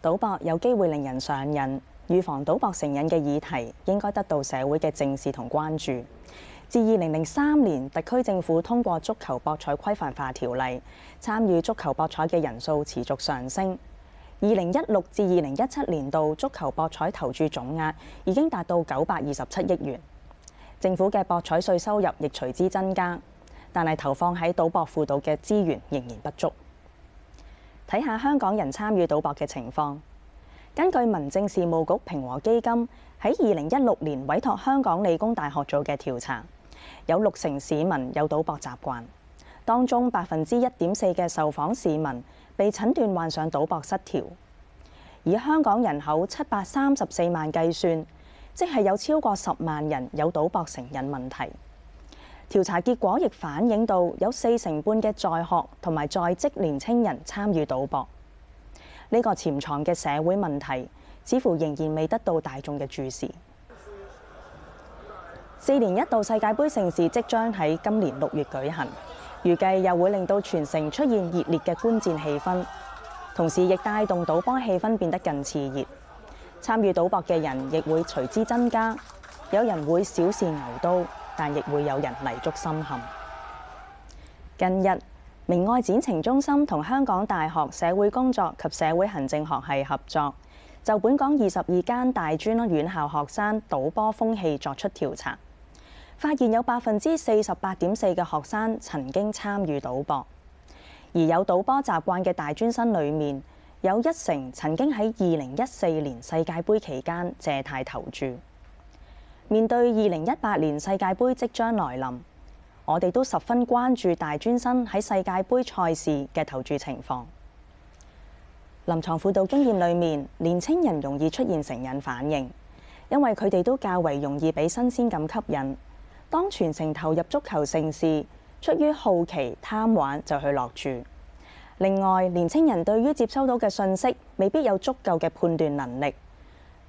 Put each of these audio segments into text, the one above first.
賭博有機會令人上癮，預防賭博成癮嘅議題應該得到社會嘅正視同關注。至二零零三年特區政府通過足球博彩規範化條例，參與足球博彩嘅人數持續上升。二零一六至二零一七年度足球博彩投注總額已經達到九百二十七億元，政府嘅博彩稅收入亦隨之增加，但係投放喺賭博輔導嘅資源仍然不足。睇下香港人參與賭博嘅情況。根據民政事務局平和基金喺二零一六年委託香港理工大學做嘅調查，有六成市民有賭博習慣，當中百分之一點四嘅受訪市民被診斷患上賭博失調。以香港人口七百三十四萬計算，即係有超過十萬人有賭博成癮問題。調查結果亦反映到有四成半嘅在學同埋在職年青人參與賭博，呢個潛藏嘅社會問題似乎仍然未得到大眾嘅注視。四年一度世界盃盛事即將喺今年六月舉行，預計又會令到全城出現熱烈嘅觀戰氣氛，同時亦帶動賭博氣氛變得更熾熱，參與賭博嘅人亦會隨之增加，有人會小試牛刀。但亦會有人泥足深陷。近日，明愛展晴中心同香港大學社會工作及社會行政學系合作，就本港二十二間大專院校學生賭波風氣作出調查，發現有百分之四十八點四嘅學生曾經參與賭博，而有賭波習慣嘅大專生裏面，有一成曾經喺二零一四年世界盃期間借貸投注。面對二零一八年世界杯即將來臨，我哋都十分關注大專生喺世界杯賽事嘅投注情況。臨床輔導經驗裏面，年青人容易出現成癮反應，因為佢哋都較為容易俾新鮮感吸引，當全程投入足球盛事，出於好奇貪玩就去落注。另外，年青人對於接收到嘅信息未必有足夠嘅判斷能力。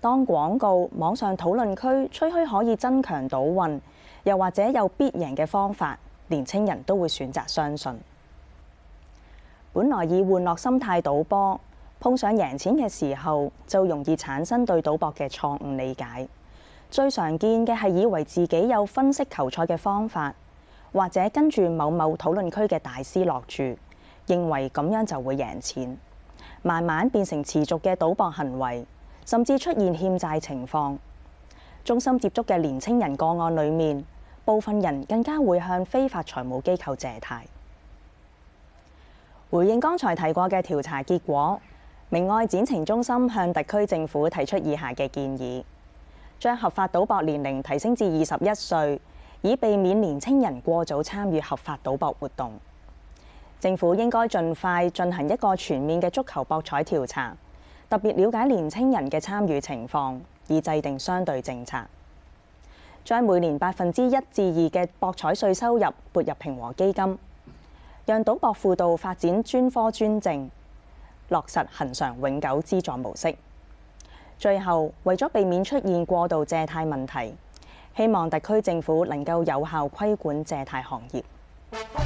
當廣告、網上討論區吹嘘可以增強賭運，又或者有必贏嘅方法，年輕人都會選擇相信。本來以玩樂心態賭波，碰上贏錢嘅時候，就容易產生對賭博嘅錯誤理解。最常見嘅係以為自己有分析球賽嘅方法，或者跟住某某討論區嘅大師落注，認為咁樣就會贏錢，慢慢變成持續嘅賭博行為。甚至出現欠債情況。中心接觸嘅年青人個案裏面，部分人更加會向非法財務機構借貸。回應剛才提過嘅調查結果，明愛展晴中心向特區政府提出以下嘅建議：將合法賭博年齡提升至二十一歲，以避免年青人過早參與合法賭博活動。政府應該盡快進行一個全面嘅足球博彩調查。特別了解年青人嘅參與情況，以制定相對政策。將每年百分之一至二嘅博彩稅收入撥入平和基金，讓賭博輔導發展專科專政，落實恒常永久資助模式。最後，為咗避免出現過度借貸問題，希望特區政府能夠有效規管借貸行業。